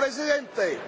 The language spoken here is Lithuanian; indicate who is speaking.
Speaker 1: Presidente.